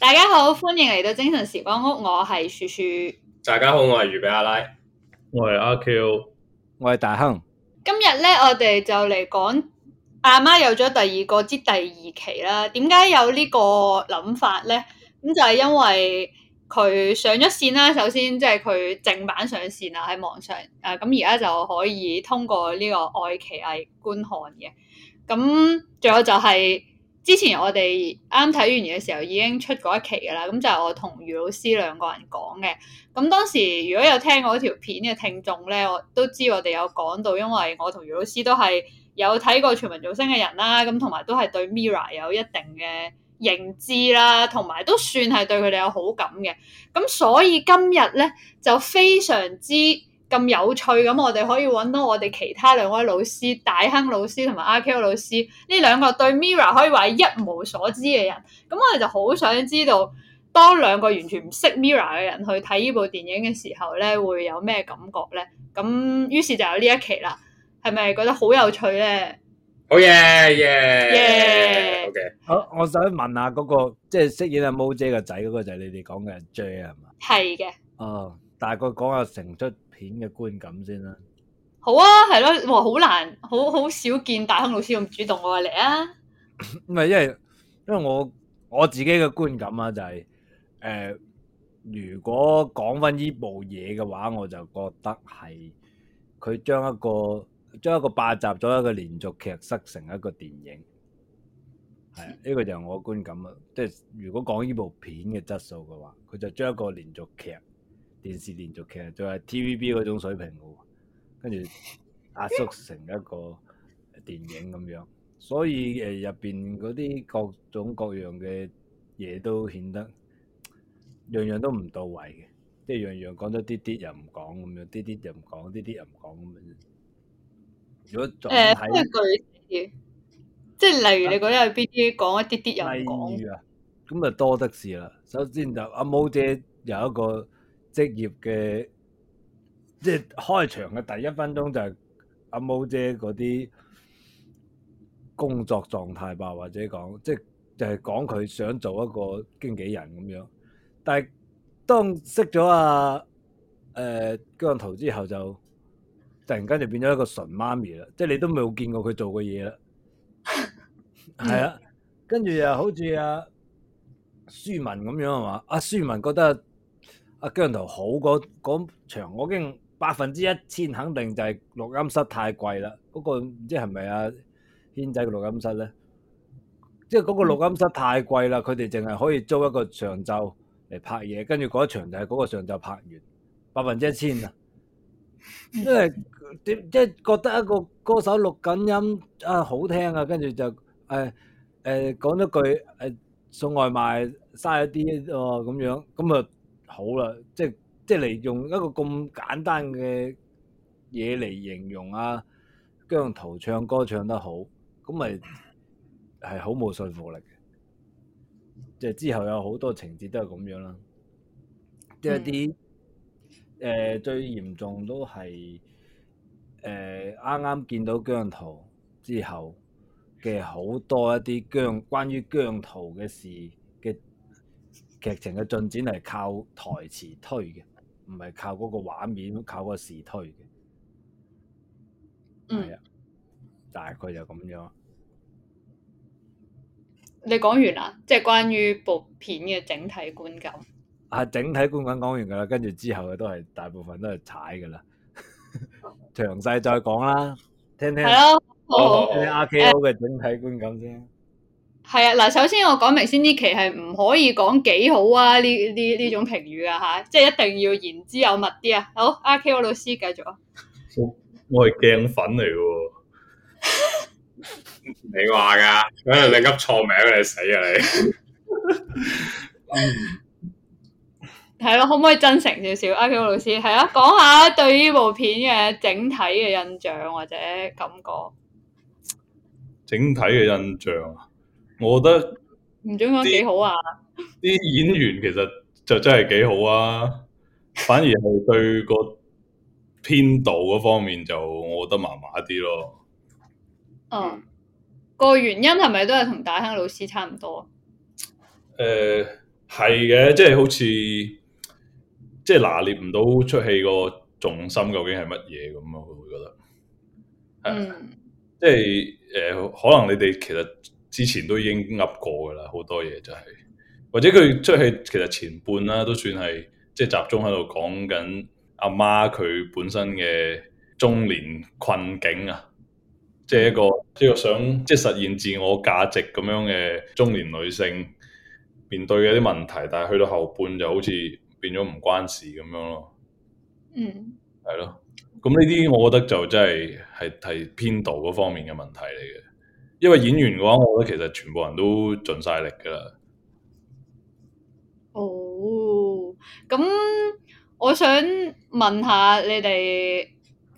大家好，歡迎嚟到精神時光屋，我係樹樹。大家好，我係魚比阿拉，我係阿 Q，我係大亨。今日咧，我哋就嚟講阿媽有咗第二個之第二期啦。點解有呢個諗法咧？咁就係因為佢上咗線啦。首先，即係佢正版上線啦，喺網上誒，咁而家就可以通過呢個愛奇藝觀看嘅。咁仲有就係。之前我哋啱睇完嘅時候已經出嗰一期㗎喇，咁就係我同余老師兩個人講嘅。咁當時如果有聽過嗰條片嘅聽眾呢，我都知我哋有講到，因為我同余老師都係有睇過全民造星嘅人啦，咁同埋都係對 Mira 有一定嘅認知啦，同埋都算係對佢哋有好感嘅。咁所以今日呢就非常之～咁有趣咁，我哋可以揾到我哋其他兩位老師，大亨老師同埋阿 k 老師，呢兩個對 Mirror 可以話係一無所知嘅人。咁我哋就好想知道，當兩個完全唔識 Mirror 嘅人去睇呢部電影嘅時候咧，會有咩感覺咧？咁於是就有呢一期啦。係咪覺得好有趣咧？好嘢，耶耶！好嘅，好，我想問下嗰個即係飾演阿毛姐嘅仔嗰個就 J，就係你哋講嘅 J 係嘛？係嘅。哦，大概講下成出。片嘅觀感先啦，好啊，係咯，好難，好好少見大亨老師咁主動，我話嚟啊，唔係、啊， 因為因為我我自己嘅觀感啊，就係、是、誒、呃，如果講翻呢部嘢嘅話，我就覺得係佢將一個將一個八集咗一個連續劇塞成一個電影，係啊， 呢、這個就係我嘅觀感啊，即、就、係、是、如果講呢部片嘅質素嘅話，佢就將一個連續劇。電視連續劇就係 TVB 嗰種水平喎，跟住壓縮成一個電影咁樣，所以誒入邊嗰啲各種各樣嘅嘢都顯得樣樣都唔到位嘅，即係樣樣講咗啲啲又唔講咁樣，啲啲又唔講，啲啲又唔講咁樣。如果誒，譬如舉嘢，即係例如你覺得係邊啲講一啲啲又唔講。例如啊，咁啊多得事啦。首先就阿毛姐有一個。職業嘅，即係開場嘅第一分鐘就係阿毛姐嗰啲工作狀態吧，或者講即係就係講佢想做一個經紀人咁樣。但係當識咗阿誒姜濤之後就，就突然間就變咗一個純媽咪啦，即係你都冇見過佢做嘅嘢啦。係 啊，跟住又好似阿舒文咁樣係嘛？阿、啊、舒文覺得。阿姜濤好嗰嗰場，我驚百分之一千肯定就係錄音室太貴啦。嗰個唔知係咪阿軒仔嘅錄音室咧？即係嗰個錄音室太貴啦，佢哋淨係可以租一個上晝嚟拍嘢，跟住嗰一場就係嗰個上晝拍完百分之一千啊！即係點？即係覺得一個歌手錄緊音啊，好聽啊，跟住就誒誒講一句誒送外賣嘥一啲喎咁樣咁啊！好啦，即係即係嚟用一個咁簡單嘅嘢嚟形容啊，姜濤唱歌唱得好，咁咪係好冇說服力嘅。即係之後有好多情節都係咁樣啦，即係啲誒最嚴重都係誒啱啱見到姜濤之後嘅好多一啲姜關於姜濤嘅事。劇情嘅進展係靠台詞推嘅，唔係靠嗰個畫面，靠個時推嘅。係啊、嗯，大概就咁樣。你講完啦，即係關於部片嘅整體觀感。啊，整體觀感講完噶啦，跟住之後都係大部分都係踩噶啦，詳 細再講啦，聽聽啊，聽聽 RKO 嘅整體觀感先。係啊，嗱，首先我講明先，呢期係唔可以講幾好啊，呢呢呢種評語啊，嚇，即係一定要言之有物啲啊。好，阿 Ko 老師繼續啊。我我係鏡粉嚟喎。 你話噶，你噏錯名，你死啊你！係 咯， 可唔可以真誠少少，阿 Ko 老師，係啊，講下對呢部片嘅整體嘅印象或者感覺。整體嘅印象啊。我覺得唔准講幾好啊！啲演員其實就真係幾好啊， 反而係對個編導嗰方面就我覺得麻麻啲咯。嗯，個原因係咪都係同大亨老師差唔多？誒、呃，係嘅，即係好似即係拿捏唔到出戲個重心究竟係乜嘢咁啊？佢會覺得，呃、嗯，即係誒、呃，可能你哋其實。之前都已經噏過噶啦，好多嘢就係，或者佢出去，其實前半啦都算係，即係集中喺度講緊阿媽佢本身嘅中年困境啊，即係一個即係想即係實現自我價值咁樣嘅中年女性面對嘅啲問題，但係去到後半就好似變咗唔關事咁樣咯。嗯，係咯，咁呢啲我覺得就真係係係編導嗰方面嘅問題嚟嘅。因為演員嘅話，我覺得其實全部人都盡晒力噶啦。哦，咁我想問下你哋，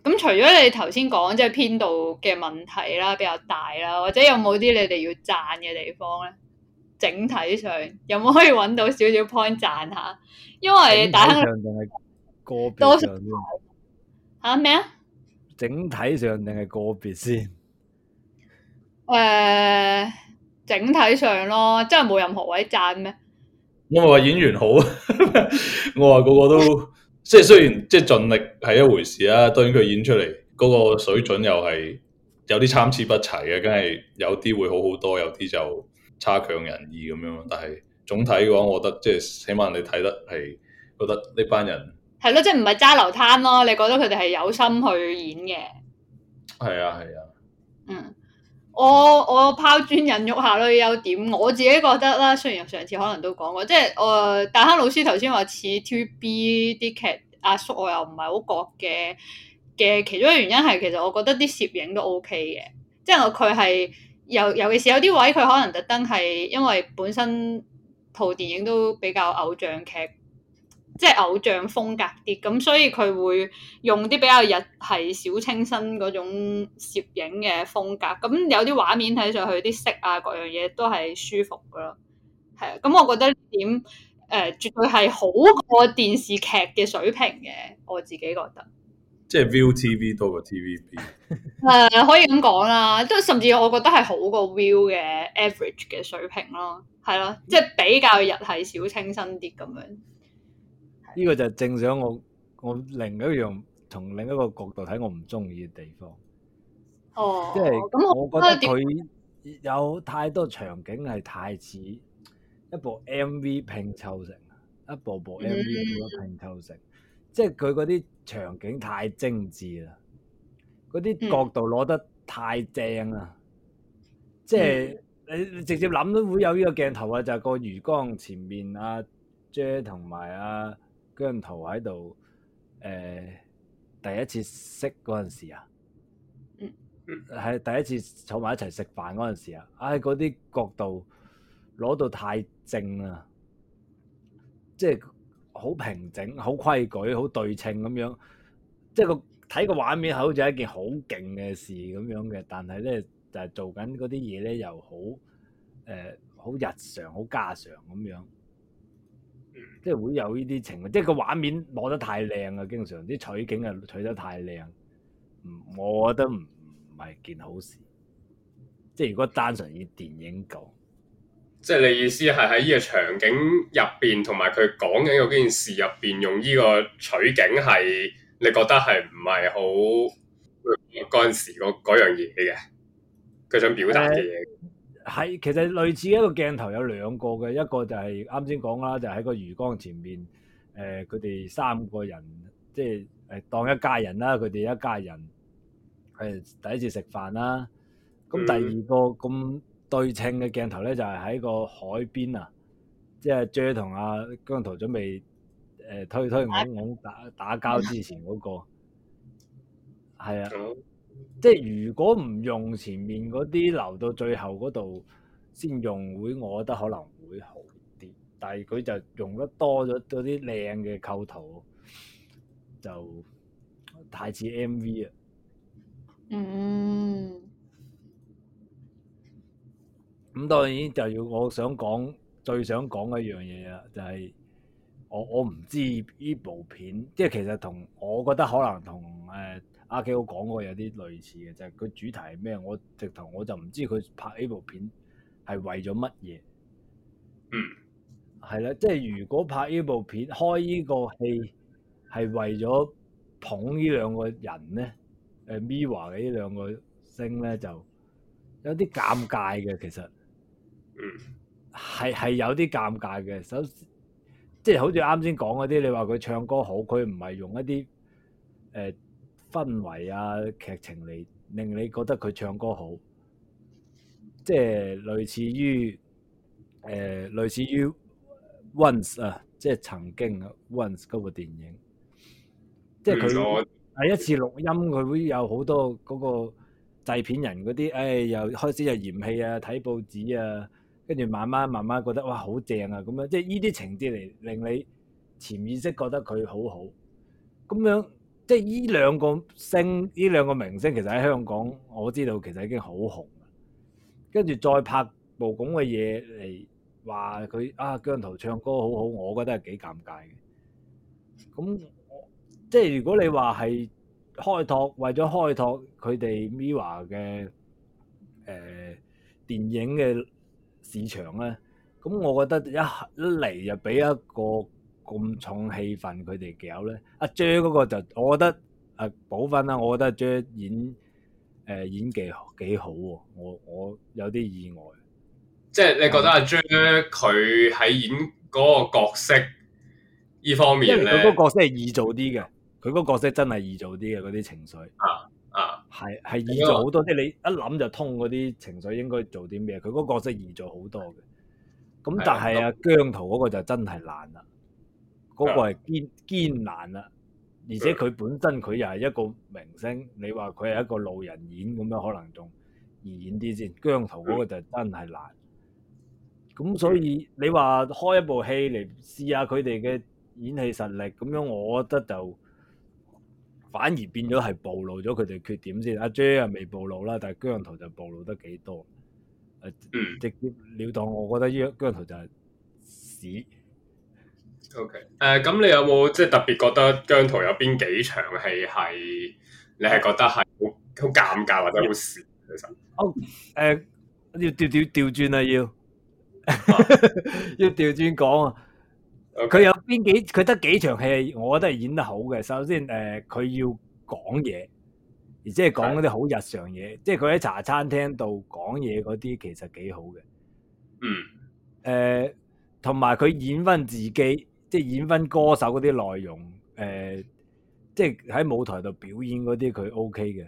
咁除咗你頭先講即係編導嘅問題啦比較大啦，或者有冇啲你哋要讚嘅地方咧？整體上有冇可以揾到少少 point 讚下？因為整體上定係個別，多數吓咩啊？整體上定係個別先？誒、呃，整體上咯，真係冇任何位讚咩？我咪話演員好， 我話個個都即係雖然即係盡力係一回事啊。當然佢演出嚟嗰、那個水準又係有啲參差不齊嘅，梗係有啲會好好多，有啲就差強人意咁樣。但係總體嘅話，我覺得即係起碼你睇得係覺得呢班人係咯，即係唔係揸流攤咯？你覺得佢哋係有心去演嘅？係啊，係啊，嗯。我我拋磚引玉下咯，優點我自己覺得啦。雖然上次可能都講過，即係誒、呃、大坑老師頭先話似 two B 啲劇阿、啊、叔我又唔係好覺嘅嘅，其中嘅原因係其實我覺得啲攝影都 O K 嘅，即係佢係尤尤其是有啲位佢可能特登係因為本身套電影都比較偶像劇。即係偶像風格啲，咁所以佢會用啲比較日系小清新嗰種攝影嘅風格。咁有啲畫面睇上去，啲色啊，各樣嘢都係舒服噶咯。係啊，咁我覺得點誒、呃，絕對係好過電視劇嘅水平嘅。我自己覺得，即係 Viu TV 多過 TVB。誒、 呃，可以咁講啦，即係甚至我覺得係好過 Viu 嘅 average 嘅水平咯，係咯，即係比較日系小清新啲咁樣。呢個就正想我，我另一樣從另一個角度睇我唔中意嘅地方。哦，即係是咁，嗯、我覺得佢有太多場景係太似一部 MV 拼湊成，一部一部 MV 咁拼湊成，嗯、即係佢嗰啲場景太精緻啦，嗰啲角度攞得太正啦，即係你直接諗都會有呢個鏡頭啊，就係、是、個魚缸前面啊 J 同埋啊。張圖喺度，誒、呃，第一次識嗰陣時啊，係第一次坐埋一齊食飯嗰陣時啊，唉、哎，嗰啲角度攞到太正啦，即係好平整、好規矩、好對稱咁樣，即係個睇個畫面好似係一件好勁嘅事咁樣嘅，但係咧就係、是、做緊嗰啲嘢咧又好，誒、呃，好日常、好家常咁樣。即係會有呢啲情況，即係個畫面攞得太靚啊！經常啲取景啊取得太靚，我覺得唔係件好事。即係如果單純以電影講，即係你意思係喺呢個場景入邊，同埋佢講緊個件事入邊，用呢個取景係你覺得係唔係好嗰陣時嗰、嗰個、樣嘢嘅佢想表達嘅嘢？係，其實類似一個鏡頭有兩個嘅，一個就係啱先講啦，就喺、是、個魚缸前面，誒、呃，佢哋三個人即係誒當一家人啦，佢哋一家人係第一次食飯啦。咁第二個咁、嗯、對稱嘅鏡頭咧，就係、是、喺個海邊、er 呃那個嗯、啊，即係 Jer 同阿姜濤準備誒推推拱拱打打交之前嗰個係啊。即係如果唔用前面嗰啲，留到最後嗰度先用會，我覺得可能會好啲。但係佢就用得多咗啲靚嘅構圖，就太似 MV 啊。嗯。咁當然就要我想講最想講一樣嘢啊，就係我我唔知呢部片，即係其實同我覺得可能同誒。呃阿 K 好講過有啲類似嘅，就係、是、佢主題係咩？我直頭我就唔知佢拍呢部片係為咗乜嘢。係啦、嗯，即係如果拍呢部片、開呢個戲係為咗捧呢兩個人咧，誒 Mirror 嘅呢兩個星咧，就有啲尷尬嘅。其實係係、嗯、有啲尷尬嘅。首即係好似啱先講嗰啲，你話佢唱歌好，佢唔係用一啲誒。呃氛圍啊，劇情嚟令你覺得佢唱歌好，即係類似於誒、呃、類似於 Once 啊，即係曾經啊 Once 嗰部電影，即係佢第一次錄音，佢會有好多嗰個製片人嗰啲，唉、哎，又開始又嫌棄啊，睇報紙啊，跟住慢慢慢慢覺得哇好正啊咁樣，即係呢啲情節嚟令你潛意識覺得佢好好，咁樣。即係呢兩個星，呢兩個明星其實喺香港，我知道其實已經好紅。跟住再拍部咁嘅嘢嚟話佢啊，姜濤唱歌好好，我覺得係幾尷尬嘅。咁即係如果你話係開拓，為咗開拓佢哋 MIRROR 嘅誒電影嘅市場咧，咁我覺得一嚟就俾一個。咁重氣氛，佢哋搞咧。阿 J 嗰、er、個就，我覺得阿補分啦，我覺得阿 J、er、演誒、呃、演技幾好喎、啊。我我有啲意外，即係你覺得阿 J 佢、er、喺演嗰個角色呢方面呢，佢嗰個角色係易做啲嘅。佢嗰個角色真係易做啲嘅，嗰啲情緒啊啊，係、啊、係易做好多。即係你一諗就通嗰啲情緒，應該做啲咩？佢嗰個角色易做好多嘅。咁但係阿姜濤嗰個就真係難啦。嗰個係堅堅難啦、啊，而且佢本身佢又係一個明星，你話佢係一個路人演咁樣，可能仲易演啲先。姜濤嗰個就真係難。咁所以你話開一部戲嚟試下佢哋嘅演戲實力，咁樣我覺得就反而變咗係暴露咗佢哋缺點先。阿 J 又未暴露啦，但係姜濤就暴露得幾多？誒，直接了當，我覺得呢個姜濤就係屎。O K，誒，咁、okay. uh, 你有冇即係特別覺得姜濤有邊幾場戲係你係覺得係好好尷尬或者好事？其實？O，誒，要調調調轉啦， 要要調轉講啊！佢 Okay. 有邊幾佢得幾場戲，我覺得係演得好嘅。首先，誒，佢要講嘢，而即係講嗰啲好日常嘢，的即係佢喺茶餐廳度講嘢嗰啲，其實幾好嘅。嗯。誒，同埋佢演翻自己。即係演翻歌手嗰啲內容，誒、呃，即係喺舞台度表演嗰啲佢 OK 嘅，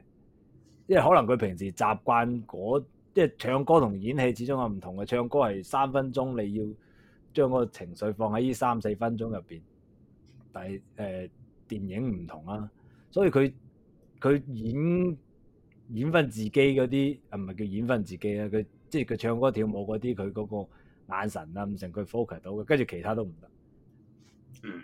因為可能佢平時習慣嗰，即係唱歌同演戲始終係唔同嘅。唱歌係三分鐘，你要將個情緒放喺呢三四分鐘入邊，但係誒、呃、電影唔同啊，所以佢佢演演翻自己嗰啲，唔係叫演翻自己啊，佢即係佢唱歌跳舞嗰啲，佢嗰個眼神啊，唔成佢 focus 到嘅，跟住其他都唔得。嗯、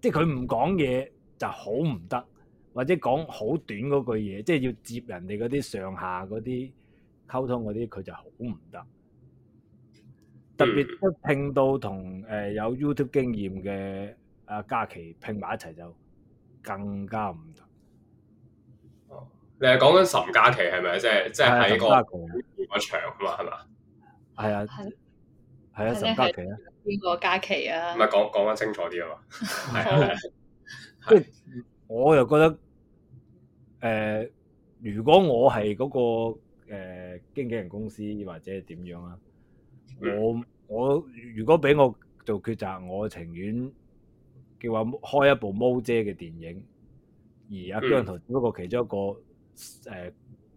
即係佢唔講嘢就好唔得，或者講好短嗰句嘢，即係要接人哋嗰啲上下嗰啲溝通嗰啲，佢就好唔得。特別都拼到同誒、呃、有 YouTube 經驗嘅阿嘉琪拼埋一齊就更加唔得、嗯。你係講緊岑嘉琪係咪？即係即係喺個場嘛？係嘛？係、嗯嗯嗯、啊，係啊是，岑嘉琪啊。邊個假期啊？唔係講講翻清楚啲啊嘛，係， 我又覺得，誒、呃，如果我係嗰、那個誒經紀人公司或者點樣啊，我我如果俾我做抉擇，我情願叫話開一部毛姐嘅電影，而阿姜濤只不過其中一個誒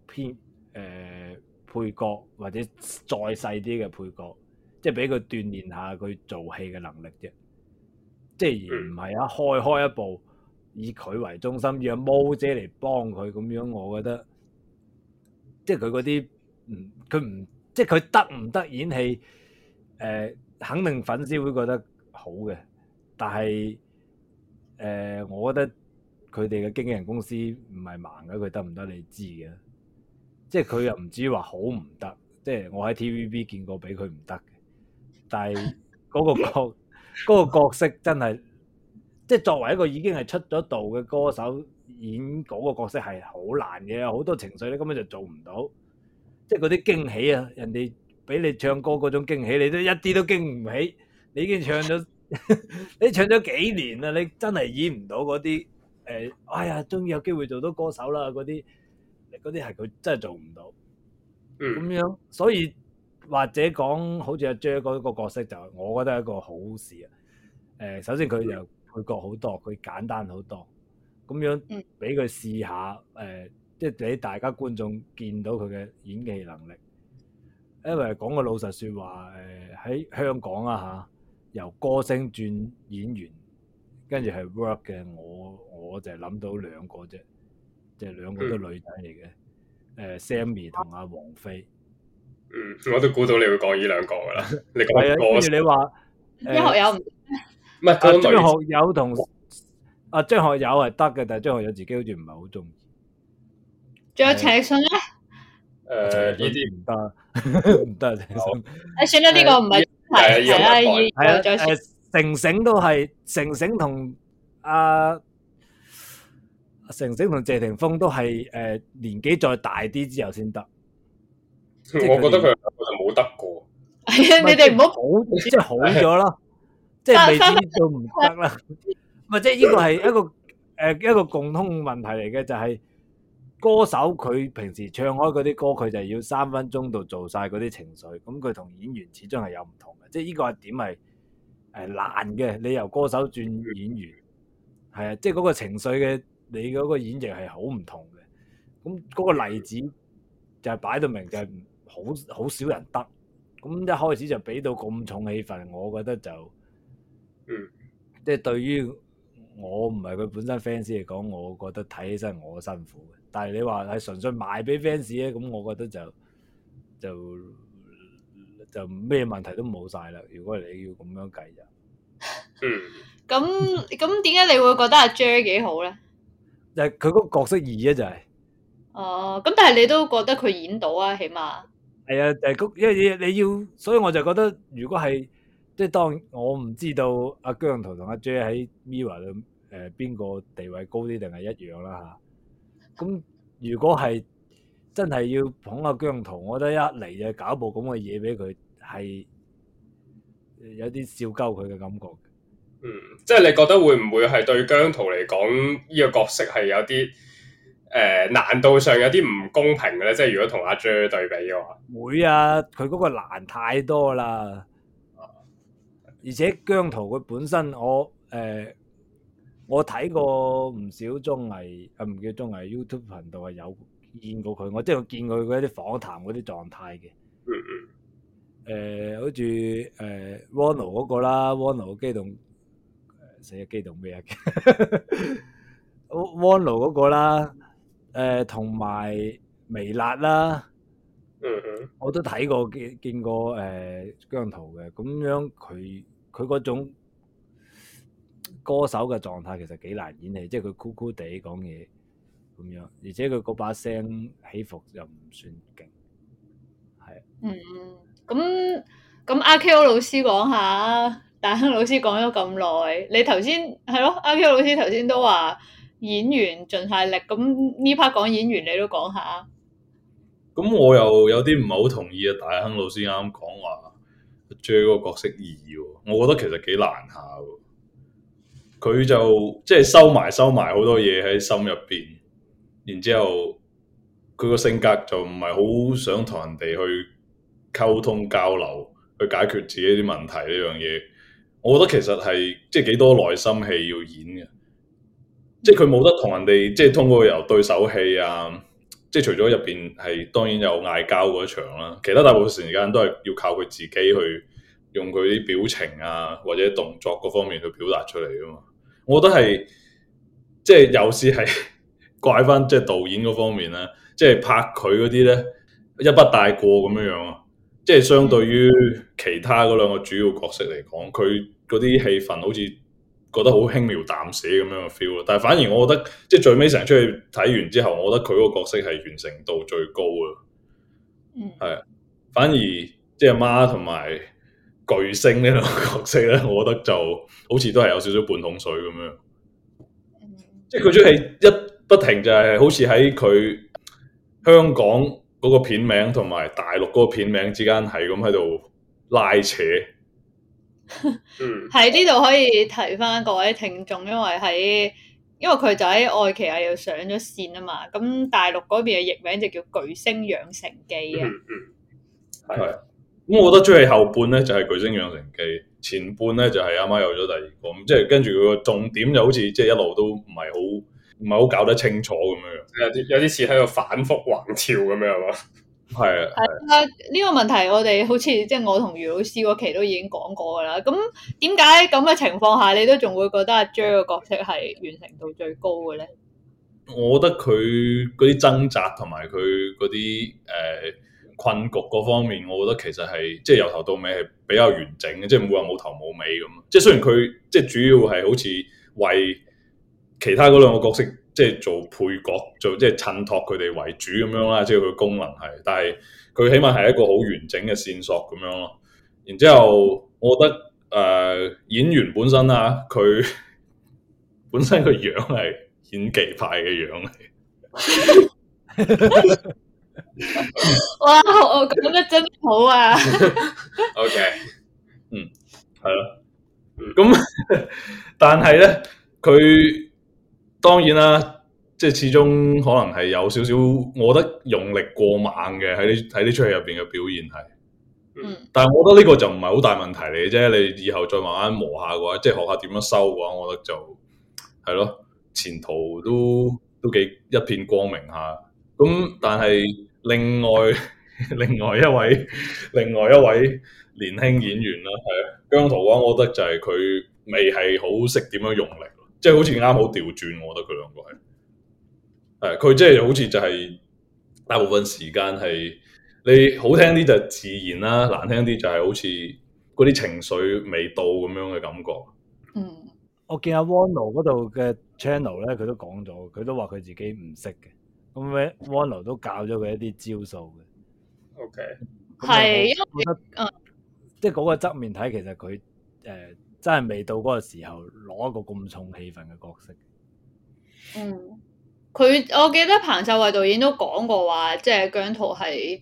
偏誒配角或者再細啲嘅配角。即係俾佢鍛煉下佢做戲嘅能力啫，即係而唔係一開開一步，以佢為中心，讓毛姐嚟幫佢咁樣，我覺得即係佢嗰啲，佢、嗯、唔即係佢得唔得演戲？誒、呃，肯定粉絲會覺得好嘅，但係誒、呃，我覺得佢哋嘅經紀人公司唔係盲嘅，佢得唔得你知嘅，即係佢又唔至於話好唔得，即係我喺 TVB 見過俾佢唔得。但係嗰個角嗰個角色真係，即係作為一個已經係出咗道嘅歌手演嗰個角色係好難嘅，好多情緒咧根本就做唔到，即係嗰啲驚喜啊，人哋俾你唱歌嗰種驚喜，你都一啲都驚唔起。你已經唱咗，你唱咗幾年啦，你真係演唔到嗰啲誒，哎呀，終於有機會做到歌手啦嗰啲，嗰啲係佢真係做唔到，咁樣所以。或者講好似阿 Jer、er、個角色就，我覺得係一個好事啊。誒、呃，首先佢又佢角好多，佢簡單好多，咁樣俾佢試下。誒、呃，即係俾大家觀眾見到佢嘅演技能力。因為講個老實説話，誒、呃、喺香港啊嚇，由歌星轉演員，跟住係 work 嘅，我我就諗到兩個啫，即係兩個都女仔嚟嘅。誒、呃、Sammi 同阿王菲。嗯，我都估到你會講呢兩個噶啦。你講，譬如你話、呃啊啊、張學友唔係、啊、張學友同阿張學友係得嘅，但係張學友自己好似唔係好中意。仲有陳奕迅咧？誒、啊，呢啲唔得，唔得、啊。誒些、啊，算啦，呢個唔係係啊。係啦，再、啊啊。成成都係、啊、成成同阿成成同謝霆鋒都係誒、啊、年紀再大啲之後先得。即我覺得佢係冇得過。係啊 是，你哋唔好好， 即係好咗咯， 即係未做唔得啦。係，即係呢個係一個誒、呃、一個共通問題嚟嘅，就係、是、歌手佢平時唱開嗰啲歌，佢就要三分鐘度做晒嗰啲情緒。咁佢同演員始終係有唔同嘅，即係呢個係點係誒難嘅。你由歌手轉演員，係啊，即係嗰個情緒嘅，你嗰個演繹係好唔同嘅。咁、嗯、嗰、那個例子就係擺到明就係、是。好好少人得，咁一開始就俾到咁重氣氛，我覺得就，即係、嗯、對於我唔係佢本身 fans 嚟講，我覺得睇起身我辛苦嘅。但係你話係純粹賣俾 fans 咧，咁我覺得就就就咩問題都冇晒啦。如果你要咁樣計就，嗯，咁咁點解你會覺得阿 Jade 幾好咧？就係佢個角色二啊，就係、是。哦，咁但係你都覺得佢演到啊，起碼。係啊，誒、哎，因為你你要，所以我就覺得，如果係即係，當我唔知道姜阿姜濤同阿 J 喺 MIRROR 度，誒邊個地位高啲，定係一樣啦吓。咁、啊、如果係真係要捧阿姜濤，我覺得一嚟就搞部咁嘅嘢俾佢，係有啲笑鳩佢嘅感覺。嗯，即係你覺得會唔會係對姜濤嚟講，呢個角色係有啲？誒，難度上有啲唔公平嘅咧，即係如果同阿 Jer 對比嘅話，會啊，佢嗰個難太多啦。而且姜濤佢本身我、呃，我誒，我睇過唔少綜藝，唔叫綜藝 YouTube 頻道係有見過佢，我即係我見過佢一啲訪談嗰啲狀態嘅。誒、嗯嗯呃，好似誒，Wano 嗰個啦，Wano 機動死咗，機動咩啊，Wano 嗰個啦。 誒，同埋、呃、微辣啦，嗯哼、mm，hmm. 我都睇過見見過誒姜濤嘅，咁、呃、樣佢佢嗰種歌手嘅狀態其實幾難演戲，即係佢酷酷地講嘢咁樣，而且佢嗰把聲起伏又唔算勁，係，嗯嗯，咁咁阿 Ko 老師講下，大亨老師講咗咁耐，你頭先，係咯，阿 Ko 老師頭先都話。演員盡下力，咁呢 part 講演員，你都講下。咁我又有啲唔係好同意啊！大亨老師啱啱講話，追嗰個角色二，我覺得其實幾難下。佢就即係收埋收埋好多嘢喺心入邊，然之後佢個性格就唔係好想同人哋去溝通交流，去解決自己啲問題呢樣嘢。我覺得其實係即係幾多內心戲要演嘅。即係佢冇得同人哋，即係通過由對手戲啊，即係除咗入邊係當然有嗌交嗰場啦，其他大部分時間都係要靠佢自己去用佢啲表情啊或者動作嗰方面去表達出嚟啊嘛。我覺得係即係有時係怪翻即係導演嗰方面咧，即係拍佢嗰啲咧一筆帶過咁樣樣啊。即係相對於其他嗰兩個主要角色嚟講，佢嗰啲戲份好似。覺得好輕描淡寫咁樣嘅 feel 咯，但係反而我覺得即係最尾成日出去睇完之後，我覺得佢個角色係完成度最高啊。嗯，係，反而即係阿媽同埋巨星呢兩個角色咧，我覺得就好似都係有少少半桶水咁樣。嗯、即係佢出戲一不停就係、是、好似喺佢香港嗰個片名同埋大陸嗰個片名之間係咁喺度拉扯。喺呢度可以提翻各位聽眾，因為喺因為佢就喺愛奇藝又上咗線啊嘛，咁大陸嗰邊嘅譯名就叫《巨星養成記》啊。係， 咁 我覺得最後半咧就係、是《巨星養成記》，前半咧就係阿媽有咗第二個，咁即係跟住佢個重點就好似即係一路都唔係好唔係好搞得清楚咁樣樣。有啲有啲似喺度反覆橫跳咁樣係嘛？係啊，係啊！呢、啊、個問題我哋好似即係我同余老師嗰期都已經講過噶啦。咁點解咁嘅情況下，你都仲會覺得阿 Jer 嘅、er、角色係完成度最高嘅咧？我覺得佢嗰啲掙扎同埋佢嗰啲誒困局嗰方面，我覺得其實係即係由頭到尾係比較完整嘅，即係唔會話冇頭冇尾咁。即係雖然佢即係主要係好似為其他嗰兩個角色。即係做配角，做即係襯托佢哋為主咁樣啦，即係佢功能係，但係佢起碼係一個好完整嘅線索咁樣咯。然之後，我覺得誒、呃，演員本身啦、啊，佢本身個樣係演技派嘅樣嚟。 哇，我講得真好啊 ！OK，嗯，係咯，咁但係咧，佢。當然啦，即係始終可能係有少少，我覺得用力過猛嘅，喺呢喺呢出戲入邊嘅表現係，嗯，但係我覺得呢個就唔係好大問題嚟嘅啫。你以後再慢慢磨下嘅話，即係學下點樣修嘅話，我覺得就係咯，前途都都幾一片光明下。咁、嗯、但係另外另外一位另外一位年輕演員啦，係、嗯、姜濤嘅話，我覺得就係佢未係好識點樣用力。即係好似啱好調轉，我覺得佢兩個係，誒佢即係好似就係大部分時間係，你好聽啲就自然啦，難聽啲就係好似嗰啲情緒未到咁樣嘅感覺。嗯，我見阿 Wono 嗰度嘅 channel 咧，佢都講咗，佢都話佢自己唔識嘅，咁咩 Wono 都教咗佢一啲招數嘅。OK，係，因為 即係嗰個側面睇，其實佢誒。呃真係未到嗰個時候攞一個咁重戲份嘅角色。嗯，佢我記得彭秀慧導演都講過話，即係姜途姜濤係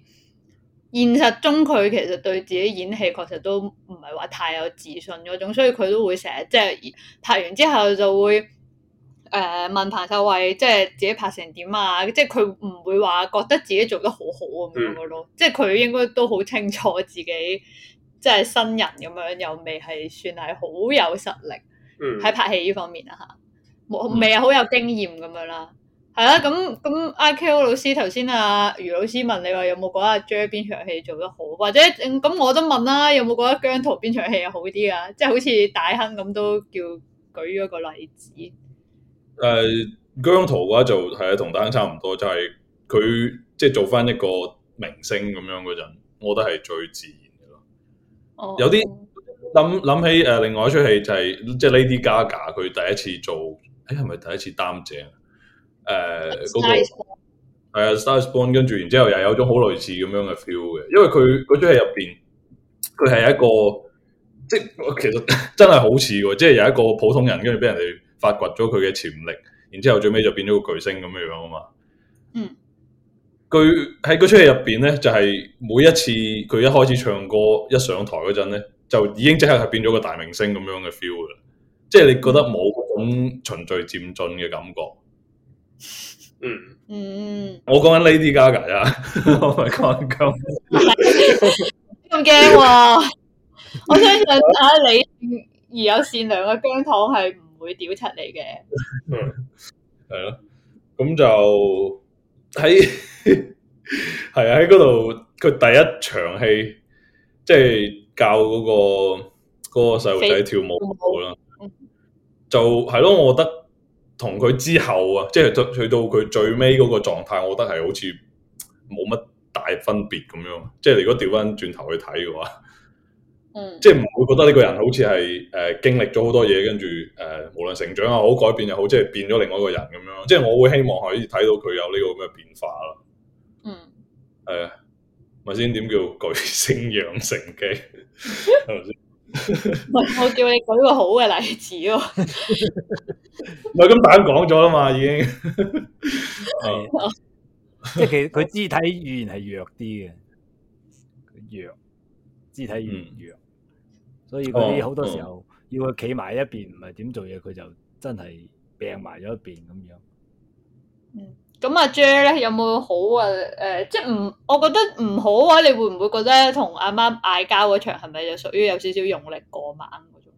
現實中佢其實對自己演戲確實都唔係話太有自信嗰種，所以佢都會成日即係拍完之後就會誒、呃、問彭秀慧，即係自己拍成點啊？即係佢唔會話覺得自己做得好好咁樣嘅咯，即係佢應該都好清楚自己。即係新人咁樣，又未係算係好有實力，喺、嗯、拍戲呢方面啊吓，未係好有經驗咁樣啦。係啦、嗯，咁咁阿 Ko 老師頭先阿余老師問你話有冇覺得阿 J 邊、er、場戲做得好，或者咁、嗯、我都問啦、啊，有冇覺得姜濤邊場戲好啲啊？即、就、係、是、好似大亨咁，都叫舉咗個例子。誒、呃，姜濤嘅話就係啊，同大亨差唔多，就係、是、佢即係做翻一個明星咁樣嗰陣，我覺得係最自然。Oh, okay. 有啲諗諗起誒、呃，另外一出戲就係、是、即係 Lady Gaga 佢第一次做，誒係咪第一次擔正？誒、呃、嗰、啊那個係、嗯、啊，Star is Born 跟住然之後又，又有種好類似咁樣嘅 feel 嘅，因為佢嗰出戲入邊佢係一個即係其實真係好似喎，即係有一個普通人跟住俾人哋發掘咗佢嘅潛力，然之後最尾就變咗個巨星咁樣啊嘛。嗯。佢喺佢出戲入邊咧，就係、是、每一次佢一開始唱歌一上台嗰陣咧，就已經即刻係變咗個大明星咁樣嘅 feel 啦。即係你覺得冇嗰種循序漸進嘅感覺。嗯嗯，我講緊 Lady Gaga can 't 啊， 我咪係講咁。咁驚？我相信啊，你而有善良嘅姜糖係唔會屌出嚟嘅。 嗯，係咯、啊，咁就。喺係啊，喺嗰度佢第一場戲，即係教嗰個嗰個細路仔跳舞啦， 就係咯。我覺得同佢之後啊，即係去到佢最尾嗰個狀態，我覺得係好似冇乜大分別咁樣。即係如果調翻轉頭去睇嘅話。嗯、即係唔會覺得呢個人好似係誒經歷咗好多嘢，跟住誒無論成長又好改變又好，即係變咗另外一個人咁樣。即係我會希望可以睇到佢有呢個咁嘅變化啦。嗯，係啊，咪先點叫巨星養成記係咪先？叫我叫你舉個好嘅例子喎，喔。唔係咁，大家講咗啦嘛，已經。 即係其實佢肢體語言係弱啲嘅，弱肢體語言弱。所以佢好多時候要佢企埋一邊，唔係點做嘢，佢就真係病埋咗一邊咁樣。嗯，咁阿 J 咧、er、有冇好啊？誒、呃，即係唔，我覺得唔好嘅、啊、話，你會唔會覺得同阿媽嗌交嗰場係咪就屬於有少少用力過猛嗰種？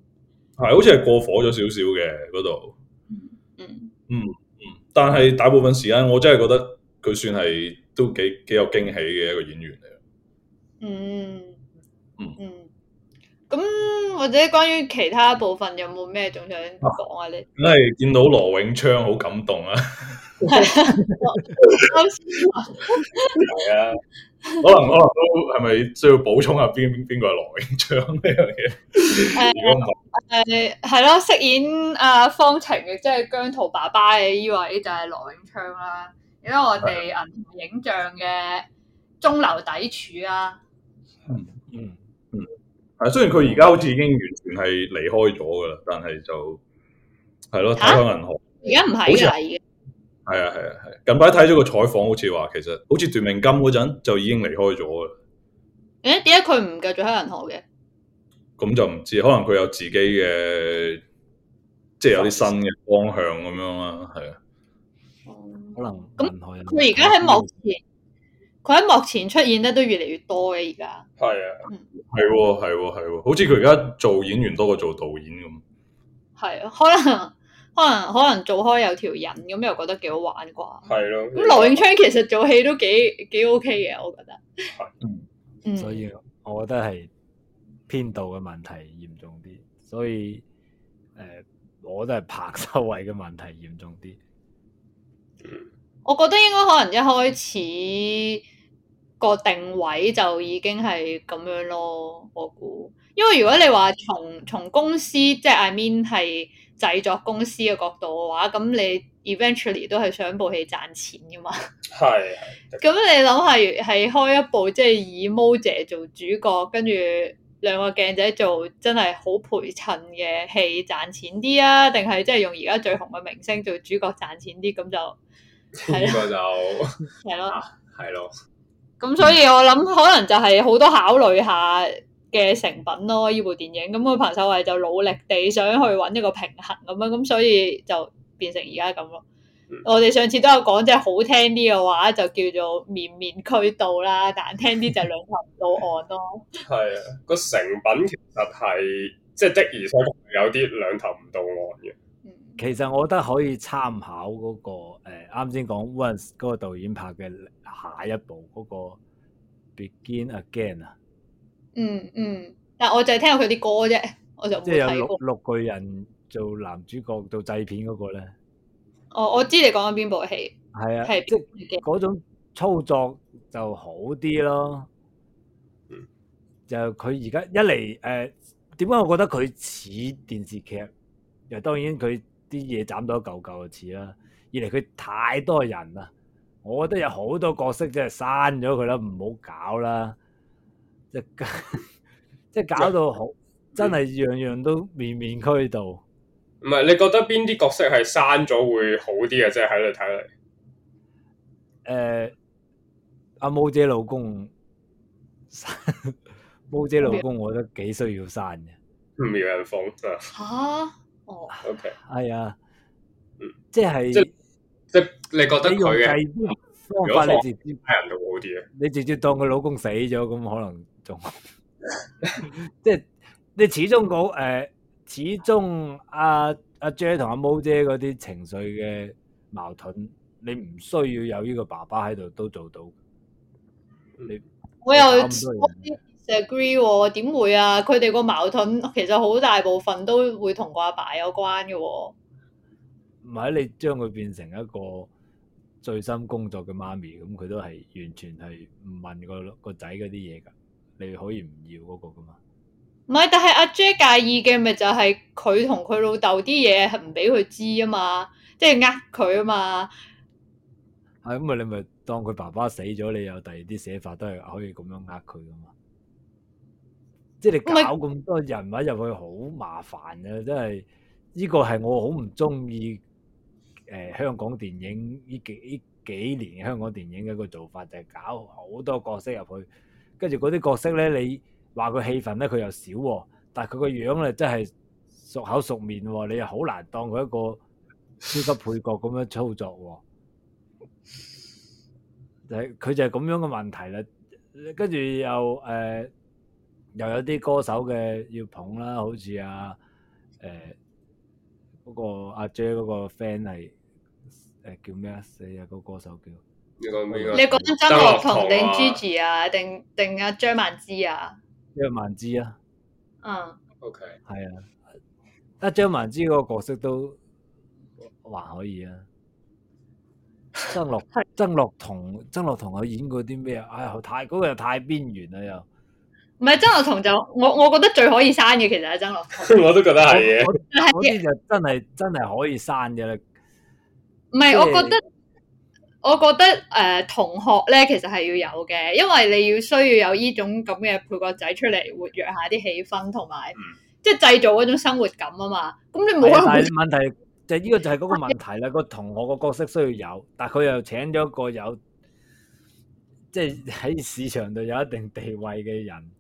係，好似係過火咗少少嘅嗰度。嗯嗯嗯嗯，但係大部分時間我真係覺得佢算係都幾幾有驚喜嘅一個演員嚟。嗯嗯嗯。嗯嗯咁或者關於其他部分有冇咩仲想講啊？你咁係見到羅永昌好感動啊！係啊，可能可能都係咪需要補充下邊邊個係羅永昌呢樣嘢？係啊，誒係咯，飾演阿方晴亦即係姜濤爸爸嘅依位就係羅永昌啦。因為我哋銀影像嘅中流砥柱啊！嗯嗯。啊！雖然佢而家好似已經完全係離開咗噶啦，但係就係咯，睇翻銀河，而家唔係嘅，係啊係像在啊係、啊啊啊啊。近排睇咗個採訪，好似話其實好似奪命金嗰陣就已經離開咗嘅。誒、啊，點解佢唔繼續喺銀河嘅？咁、啊、就唔知，可能佢有自己嘅，即係有啲新嘅方向咁樣啦，係啊、嗯。可能咁，佢而家喺某。嗯嗯嗯佢喺幕前出現咧都越嚟越多嘅，而家。係啊，係係係，好似佢而家做演員多過做導演咁。係啊，可能可能可能做開有條癮咁又覺得幾好玩啩。係咯。咁、啊啊、羅永昌其實做戲都幾幾 OK 嘅，我覺得。啊、嗯，所以，我所以、呃，我覺得係編導嘅問題嚴重啲。所以、嗯，誒，我覺得係拍收位嘅問題嚴重啲。我覺得應該可能一開始。個定位就已經係咁樣咯，我估。因為如果你話從從公司，即係 I mean 係製作公司嘅角度嘅話，咁你 eventually 都係想部戲賺錢㗎嘛。係係。咁你諗係係開一部即係以 Mo 姐、ja、做主角，跟住兩個鏡仔做真係好陪襯嘅戲賺錢啲啊？定係即係用而家最紅嘅明星做主角賺錢啲咁就？呢個就係咯，係咯 的。啊咁所以我諗可能就係好多考慮下嘅成品咯，呢部電影，咁佢彭秀慧就努力地想去揾一個平衡咁樣，咁所以就變成而家咁咯。嗯、我哋上次都有講，即係好聽啲嘅話就叫做面面俱到啦，難聽啲就兩頭唔到岸咯。係啊， 個成品其實係即係的而說有啲兩頭唔到岸嘅。其實我覺得可以參考嗰個誒，啱先講 Once 嗰個導演拍嘅下一部嗰個 Begin Again 啊，嗯嗯，但我就係聽佢啲歌啫，我就即係有綠巨人做男主角做製片嗰個咧。哦，我知你講緊邊部戲，係啊，係即係嗰種操作就好啲咯。嗯、就佢而家一嚟，誒，點解我覺得佢似電視劇？又當然佢。啲嘢斬到一嚿嚿就似啦，二嚟佢太多人啦，我覺得有好多角色即係刪咗佢啦，唔好搞啦，即即係搞到好、呃、真係樣樣都面面俱到。唔係、嗯、你覺得邊啲角色係刪咗會好啲啊？即係喺度睇嚟。誒、呃，阿毛姐老公，毛姐老公，老公我覺得幾需要刪嘅，唔要、嗯、人封啊。嚇、啊！哦，OK，係啊、哎，即係即係，你覺得你用計方法，如果你直接拍人度好啲啊？你直接當佢老公死咗，咁可能仲 即係你始終講誒，始終阿阿 J 姐同阿毛姐嗰啲情緒嘅矛盾，你唔需要有呢個爸爸喺度都做到。我有 你我又。我有 agree 喎、哦？點會啊？佢哋個矛盾其實好大部分都會同個阿爸有關嘅喎、哦。唔係你將佢變成一個醉心工作嘅媽咪，咁佢都係完全係唔問個個仔嗰啲嘢㗎。你可以唔要嗰個㗎嘛？唔係，但係阿 Jack 介意嘅咪就係佢同佢老豆啲嘢係唔俾佢知啊嘛，即係呃佢啊嘛。係咁啊！你咪當佢爸爸死咗，你有第二啲寫法都係可以咁樣呃佢㗎嘛？即係你搞咁多人物入去好麻煩嘅。真係呢個係我好唔中意，誒香港電影呢幾幾年香港電影嘅一個做法，就係、是、搞好多角色入去，跟住嗰啲角色咧，你話佢戲份咧佢又少、哦，但係佢個樣咧真係熟口熟面、哦，你又好難當佢一個超級配角咁樣操作、哦。就係、是、佢就係咁樣嘅問題啦，跟住又誒。呃又有啲歌手嘅要捧啦，好似阿誒嗰個阿 J 嗰個 friend 係誒叫咩啊？四、呃那個、啊個、呃那個歌手叫你講，你曾樂彤定 Gigi 啊，定定阿張曼芝啊？張曼芝啊，嗯、uh，OK，係啊，阿張曼芝個角色都還可以啊。曾樂 曾樂彤，曾樂彤佢演過啲咩啊？哎太嗰、那個又太邊緣啦又。唔係曾樂彤就我，我覺得最可以生嘅其實係曾樂彤， 我都覺得係我所以我是就真係真係可以生嘅啦。唔、就、係、是，我覺得，我覺得誒、呃、同學咧，其實係要有嘅，因為你要需要有呢種咁嘅配角仔出嚟活躍下啲氣氛，同埋、嗯、即係製造嗰種生活感啊嘛。咁你冇問題，問題就呢、是、個就係嗰個問題啦。個的同學個角色需要有，但係佢又請咗一個有，即係喺市場度有一定地位嘅人。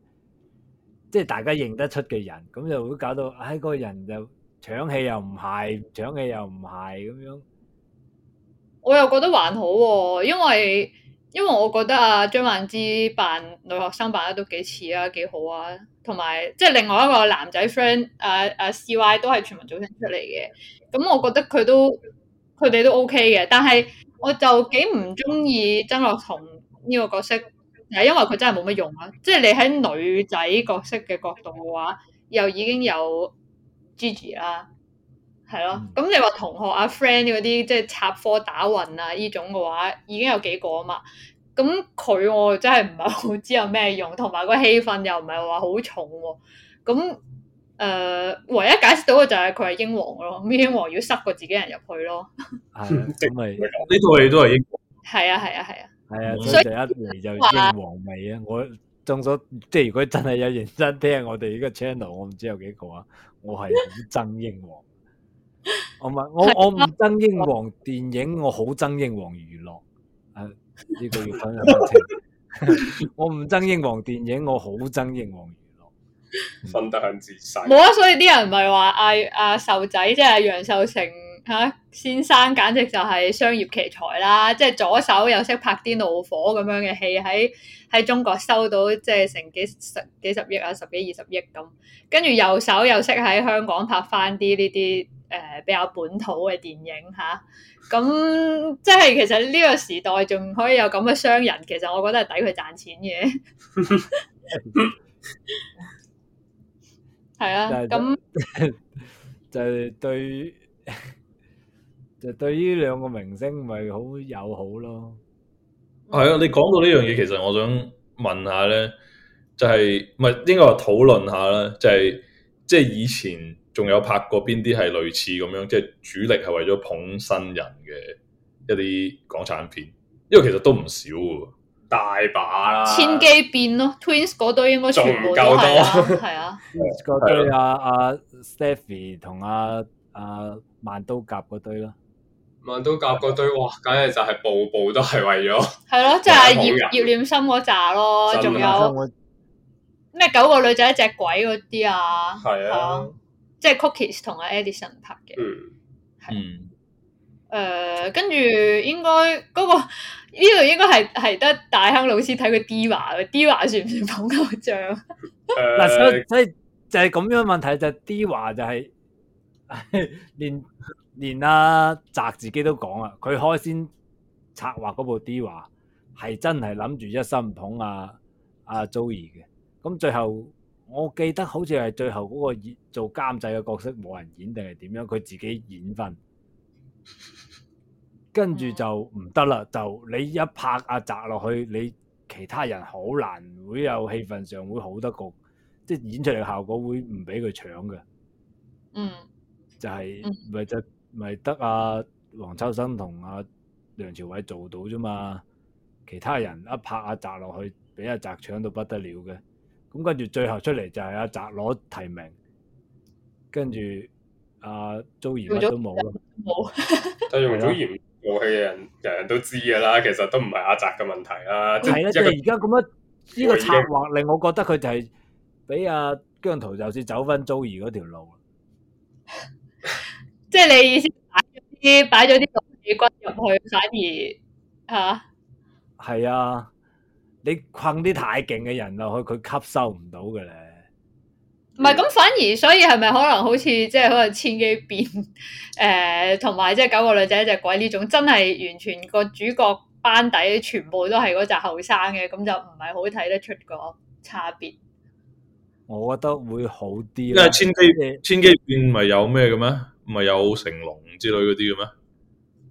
即係大家認得出嘅人，咁就會搞到，唉、哎，嗰個人就搶戲又唔係，搶戲又唔係咁樣。我又覺得還好喎、啊，因為因為我覺得阿張曼芝扮女學生扮得都幾似啊，幾好啊。同埋即係另外一個男仔 friend，阿、uh, 阿、uh, C Y 都係全民造星出嚟嘅，咁、嗯、我覺得佢都佢哋都 O K 嘅。但係我就幾唔中意曾樂彤呢個角色。係因為佢真係冇乜用啊！即係你喺女仔角色嘅角度嘅話，又已經有 Gigi 啦，係咯。咁你話同學啊、friend 嗰啲即係插科打諢啊呢種嘅話，已經有幾個啊嘛。咁、嗯、佢我真係唔係好知有咩用，同埋個氣氛又唔係話好重喎、啊。咁、嗯、誒、呃，唯一解釋到嘅就係佢係英皇咯。咁英皇要塞過自己人入去咯。係 啊，咁呢套戲都係英皇。係 啊，係啊，係啊。係啊，第一嚟就英皇味啊！哇我眾所即係如果真係有認真聽我哋呢個 channel，我唔知有幾個啊！我係好憎英皇，我唔， 我我唔憎英皇電影，我好憎英皇娛樂。誒，呢個月份啊，這個、啊 我唔憎英皇電影，我好憎英皇娛樂，分 得很仔細。冇啊，所以啲人唔係話阿阿壽仔即係阿楊秀成。吓！先生簡直就係商業奇才啦，即係左手又識拍啲怒火咁樣嘅戲，喺喺中國收到即係成幾十幾十億啊，十幾二十億咁。跟住右手又識喺香港拍翻啲呢啲誒比較本土嘅電影吓。咁即係其實呢個時代仲可以有咁嘅商人，其實我覺得係抵佢賺錢嘅。係 啊，咁 就係對。 就對於兩個明星咪好友好咯，係啊！你講到呢樣嘢，其實我想問下咧，就係唔係應該話討論下啦。就係即係以前仲有拍過邊啲係類似咁樣，即係主力係為咗捧新人嘅一啲港產片，因為其實都唔少喎，大把啦，千機變咯，Twins 嗰堆應該仲夠多，係 對啊，Twins 嗰堆啊，阿 Stephy 同阿阿萬刀甲嗰堆咯。都夾過堆，哇！簡直就係步步都係為咗係、 嗯，就是、 咯，即係葉念琛嗰扎咯，仲有咩九個女仔一隻鬼嗰啲啊？係啊，即係、啊，就是、Cookies 同阿 Edison 拍嘅、嗯。嗯，係。誒、呃，跟住應該嗰、那個呢度應該係係得大亨老師睇佢 Diva 嘅 Diva 算唔算捧偶像？誒、呃，所以 就係咁樣問題，就是、Diva 就係、是、 連。連阿、啊、澤自己都講啊，佢開先策劃嗰部 D 話係真係諗住一心捧阿阿 Zoe 嘅。咁最後我記得好似係最後嗰個演做監製嘅角色冇人演定係點樣？佢自己演翻，跟住就唔得啦。就你一拍阿澤落去，你其他人好難會有氣氛上會好得局，即係演出嚟嘅效果會唔俾佢搶嘅。嗯，就係咪就？嗯咪得阿黃秋生同阿梁朝偉做到啫嘛，其他人一拍阿澤落去，俾阿澤搶到不得了嘅，咁跟住最後出嚟就係阿澤攞提名，跟住阿周儀乜都冇咯，冇。但係容祖兒無戲嘅人，人人都知噶啦，其實都唔係阿澤嘅問題啦。係啦， 即係而家咁樣呢個策劃令我覺得佢就係俾阿姜濤就算走翻周儀嗰條路。即係你意思擺咗啲擺咗啲毒氣 g 入去，反而吓？係啊，啊，你困啲太勁嘅人落去，佢吸收唔到嘅咧。唔係咁，反而所以係咪可能好似即係可能千機變誒，同埋即係九個女仔一隻鬼呢種，真係完全個主角班底全部都係嗰隻後生嘅，咁就唔係好睇得出個差別。我覺得會好啲。因為千機變千機變唔係有咩嘅咩？唔係有成龍之類嗰啲嘅咩？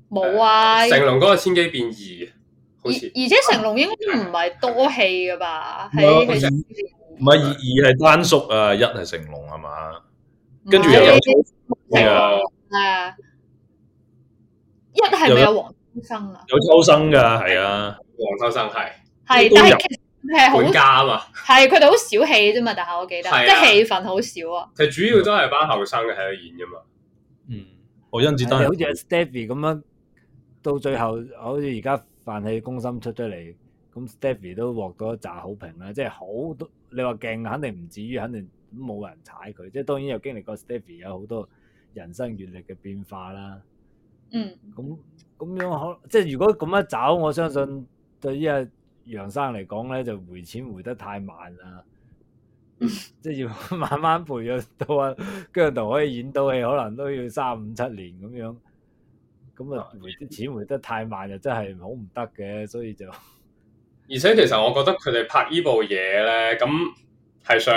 冇啊！成龍嗰個千機變二，而而且成龍應該都唔係多戲嘅吧？唔係二二係單叔啊，一係成龍係嘛？跟住又有，係啊，一係咪有黃秋生啊？有秋生噶係啊，黃秋生係係，但係佢係好家嘛？係佢哋好少戲啫嘛，但係我記得即係戲份好少啊。其實主要都係班後生嘅喺度演啫嘛。好似阿 Stevie 咁樣，到最後好似而家飯氣攻心出咗嚟，咁 Stevie 都獲到一紮好評啦。即係好多，你話勁，肯定唔至於，肯定冇人踩佢。即係當然有經歷過 Stevie 有好多人生閱歷嘅變化啦。嗯，咁咁樣可，即係如果咁樣一找，我相信對於阿楊生嚟講咧，就回錢回得太慢啦。即係、嗯、 要慢慢培養到啊姜濤可以演到戲，可能都要三五七年咁樣，咁啊回啲錢回得太慢就真係好唔得嘅，所以就 而且其實我覺得佢哋拍呢部嘢咧，咁係想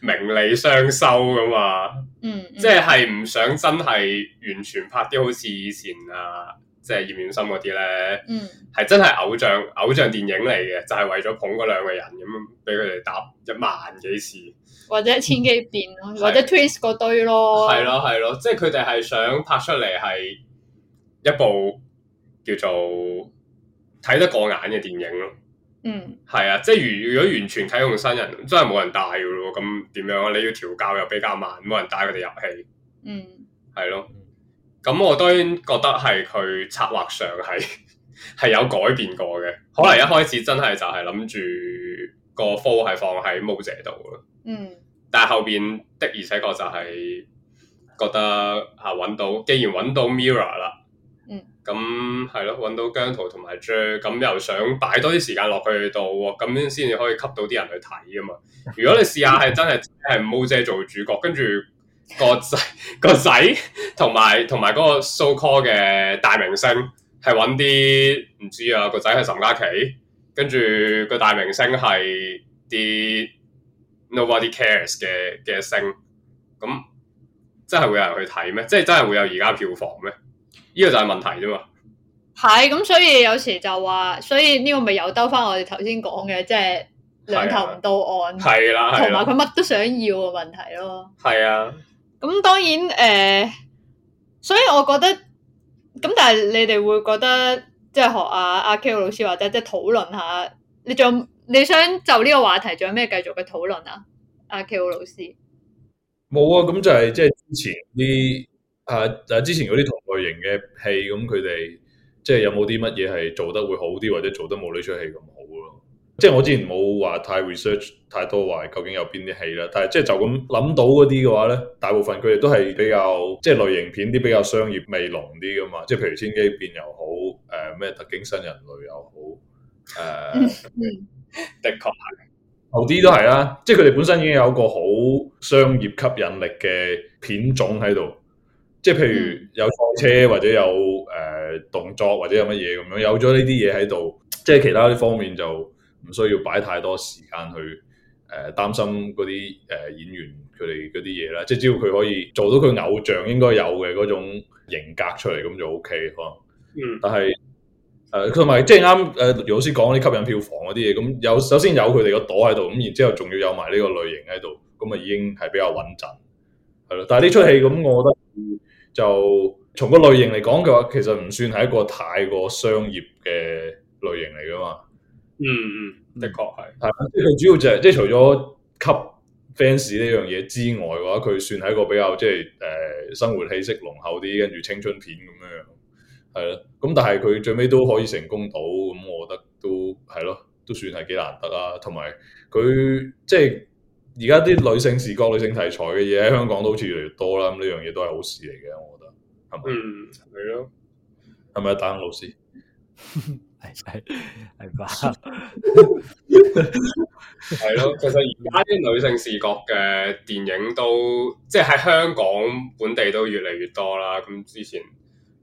名利雙收噶嘛嗯，嗯，即係唔想真係完全拍啲好似以前啊。即係葉遠心嗰啲咧，係、嗯、真係偶像偶像電影嚟嘅，就係、是、為咗捧嗰兩個人咁樣，俾佢哋打一萬幾次，或者千幾遍，嗯、或者 Twins 嗰堆咯，係咯，係咯，即係佢哋係想拍出嚟係一部叫做睇得過眼嘅電影咯。嗯，係啊，即係如如果完全啟用新人，真係冇人帶噶咯，咁點樣啊？你要調教又比較慢，冇人帶佢哋入戲。嗯，係咯。咁我當然覺得係佢策劃上係係 有改變過嘅，可能一開始真係就係諗住個科係放喺 Mo 姐度咯。嗯，但後邊的而且確就係覺得啊揾到，既然揾到 Mirror 啦，嗯，咁係咯，揾到姜濤同埋 J，咁、er, 又想擺多啲時間落去度，咁先至可以吸到啲人去睇啊嘛。如果你試下係真係係 Mo 姐、ja、做主角，跟住。 個仔個仔同埋同埋嗰個 so call 嘅大明星係揾啲唔知啊個仔係岑嘉琪，跟住個大明星係啲 nobody cares 嘅嘅星，咁真係會有人去睇咩？即係真係會有而家票房咩？呢、這個就係問題啫嘛。係咁，所以有時就話，所以呢個咪又兜翻我哋頭先講嘅，即係兩頭唔到岸，係啦、啊，同埋佢乜都想要嘅問題咯。係啊。咁、嗯、當然誒、呃，所以我覺得咁，但係你哋會覺得即係學阿阿 Ko 老師或者即係討論下。你仲你想就呢個話題，仲有咩繼續嘅討論 K 啊？阿 Ko 老師冇啊。咁就係即係之前啲啊啊之前嗰啲同類型嘅戲，咁佢哋即係有冇啲乜嘢係做得會好啲，或者做得冇呢出戲咁？即係我之前冇話太 research 太多話究竟有邊啲戲啦，但係即係就咁諗到嗰啲嘅話咧，大部分佢哋都係比較即係類型片啲比較商業味濃啲噶嘛，即係譬如千機變又好，誒、呃、咩特警新人類又好，誒、呃、 的確係，後啲 都係啦，即係佢哋本身已經有個好商業吸引力嘅片種喺度，即係譬如有賽車或者有誒、呃、動作或者有乜嘢咁樣，有咗呢啲嘢喺度，即係其他啲方面就。唔需要擺太多時間去誒、呃、擔心嗰啲誒演員佢哋嗰啲嘢啦，即係只要佢可以做到佢偶像應該有嘅嗰種型格出嚟，咁就 OK 可能。嗯、但係誒同埋即係啱誒楊老師講嗰啲吸引票房嗰啲嘢，咁有首先有佢哋個朵喺度，咁然之後仲要有埋呢個類型喺度，咁啊已經係比較穩陣係咯。但係呢出戲咁，我覺得就從個類型嚟講嘅話，其實唔算係一個太過商業嘅類型嚟噶嘛。嗯嗯，的確係係，即係佢主要就係即係除咗吸 fans 呢樣嘢之外嘅話，佢算係一個比較即係誒生活氣息濃厚啲，跟住青春片咁樣樣係咯。咁但係佢最尾都可以成功到，咁我覺得都係咯，都算係幾難得啊。同埋佢即係而家啲女性視覺、女性題材嘅嘢喺香港都好似越嚟越多啦。咁呢樣嘢都係好事嚟嘅，我覺得係咪？嗯，係咯，係咪啊，打老師。 係係係吧，係咯。其實而家啲女性視覺嘅電影都，即係喺香港本地都越嚟越多啦。咁之前，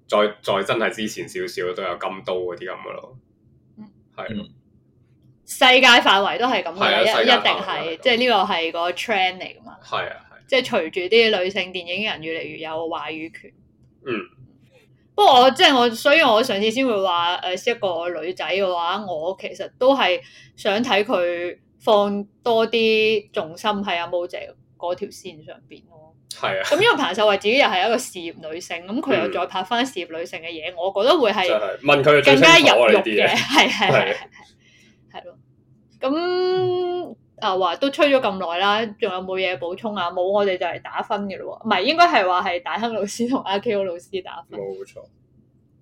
再再真係之前少少都有金刀嗰啲咁嘅咯。係咯，世界範圍都係咁嘅，一一定係，即係呢個係個 trend 嚟噶嘛。係啊係，即係隨住啲女性電影人越嚟越有話語權。嗯。不過我即係我，所以我上次先會話誒，識一個女仔嘅話，我其實都係想睇佢放多啲重心喺阿穆謝阿 Mo 姐嗰條線上邊咯。係是啊，咁因為彭秀慧自己又係一個事業女性，咁佢又再拍返事業女性嘅嘢，我覺得會係問佢更加入肉嘅，係係係係咯，咁。啊！話都吹咗咁耐啦，仲有冇嘢補充啊？冇，我哋就嚟打分嘅咯喎。唔係，應該係話係大亨老師同阿 Ko 老師打分。冇錯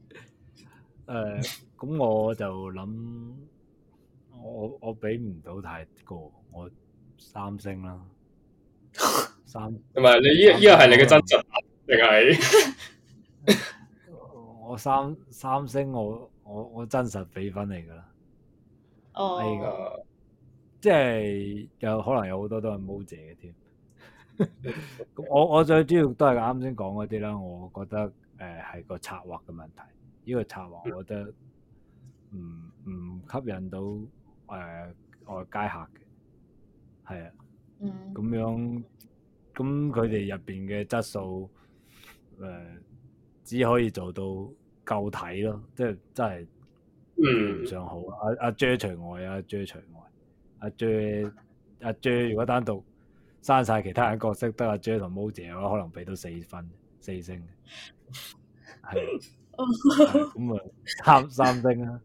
沒錯。誒，咁我就諗，我我俾唔到太高，我三星啦。三唔係 你呢呢個係你嘅真實定係？ 我三三星，我我我真實比分嚟噶。哦、oh。係噶。即係有可能有好多都係冇姐嘅添。咁 我我最主要都係啱先講嗰啲啦。我覺得誒係、呃、個策劃嘅問題。呢個策劃，我覺得唔唔吸引到誒外、呃、街客嘅。係啊，咁樣咁佢哋入邊嘅質素誒、呃、只可以做到夠睇咯。即係真係唔算好。阿阿 Jazz 除外，阿 Jazz 除外。啊啊啊啊啊啊阿 J 阿 J，如果單獨刪晒其他人角色，得阿 J 同毛姐嘅話，可能畀到四分四星，係咁啊，三三 星啦。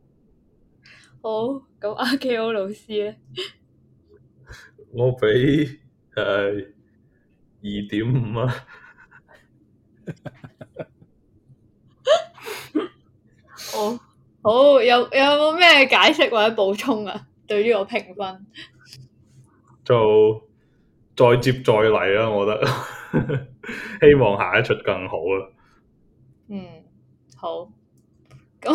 好，咁阿 K O 老師咧，我畀誒二點五啊。哦，好，有有冇咩解釋或者補充啊？對於我評分就再接再厲啦，我覺得 希望下一出更好啦。嗯，好。咁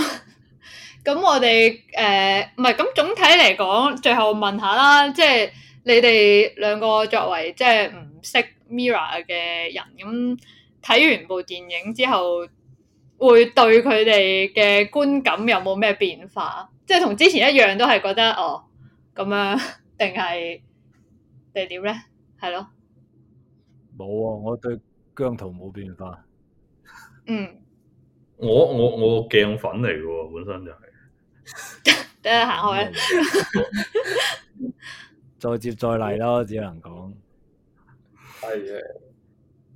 咁我哋誒，唔係咁總體嚟講，最後問下啦，即係你哋兩個作為即係唔識 Mirror 嘅人，咁睇完部電影之後，會對佢哋嘅觀感有冇咩變化？即係同之前一樣，都係覺得哦咁樣，定係定係點咧？係咯，冇啊！我對姜濤冇變化。嗯，我我我鏡粉嚟嘅喎，本身就係等下行開 再接再厲咯，只能講係啊。哎、呀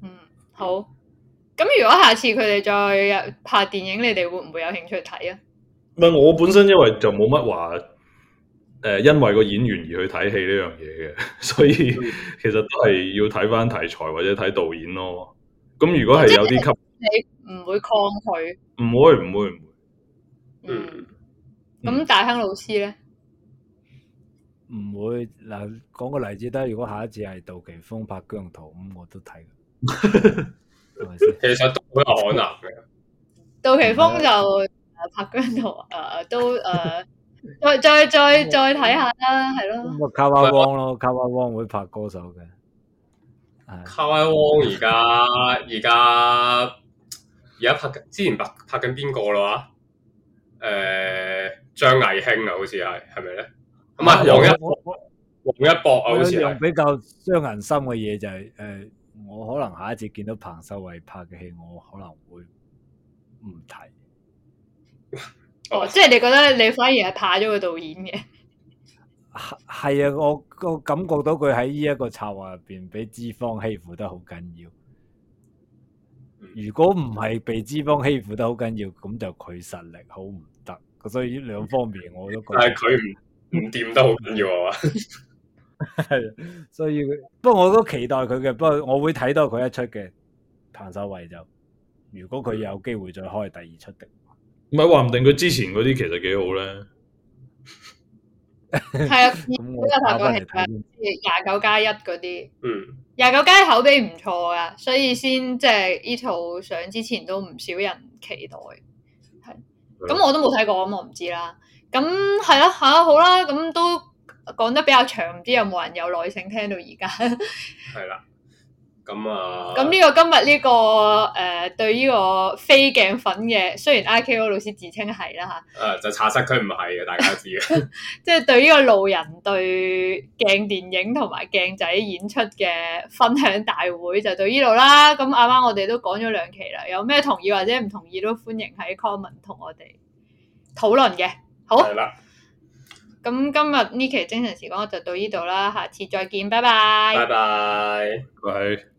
嗯，好。咁如果下次佢哋再拍電影，你哋會唔會有興趣睇啊？我本身，因為就冇乜話誒，因為個演員而去睇戲呢樣嘢嘅，所以其實都係要睇返題材或者睇導演咯。咁如果係有啲級，你唔會抗拒？唔會唔會唔會。嗯。咁大亨老師咧？唔會嗱，講個例子得。如果下一次係杜琪峰拍姜濤，咁我都睇。 其實都好有可能嘅。杜琪峰就。啊、拍姜濤，誒、啊，都誒、啊，再再 再再睇下啦，係咯 吧。卡哇翁咯，卡哇翁會拍歌手嘅。卡哇翁而家而家而家拍緊，之前拍拍緊邊個啦？誒，張藝興啊，呃、興好似係，係咪咧？唔係王一王一博啊好，好似係。比較傷人心嘅嘢就係、是，誒、呃，我可能下一次見到彭秀慧拍嘅戲，我可能會唔睇。哦，oh，即係你覺得你反而係怕咗個導演嘅？係啊，啊，我我感覺到佢喺呢一個策劃入邊，俾資方欺負得好緊要。如果唔係被資方欺負得好緊要，咁就佢實力好唔得。所以呢兩方面我都覺得，但係佢唔唔掂得好緊要 啊，係所以，不過我都期待佢嘅，不過我會睇到佢一出嘅彭秀慧就，如果佢有機會再開第二出的。唔係話唔定佢之前嗰啲其實幾好咧，係 啊， 都有睇過戲，廿九加一嗰啲，廿九加一口碑唔錯噶，所以先即係呢套上之前都唔少人期待，係咁我都冇睇過，咁我唔、嗯、知啦。咁係咯，吓、啊啊、好啦，咁都講得比較長，唔知有冇人有耐性聽到而家。係 啦、啊。咁啊！咁呢、嗯這個今日呢、這個誒、呃，對呢個非鏡粉嘅，雖然 I K O 老師自稱係啦吓，誒、呃，就查實佢唔係嘅，大家知嘅即係 對呢個路人對鏡電影同埋鏡仔演出嘅分享大會就到呢度啦。咁啱啱我哋都講咗兩期啦，有咩同意或者唔同意都歡迎喺 comment 同我哋討論嘅。好，係啦了。咁今日呢期精神時光就到呢度啦，下次再見，拜拜，拜拜，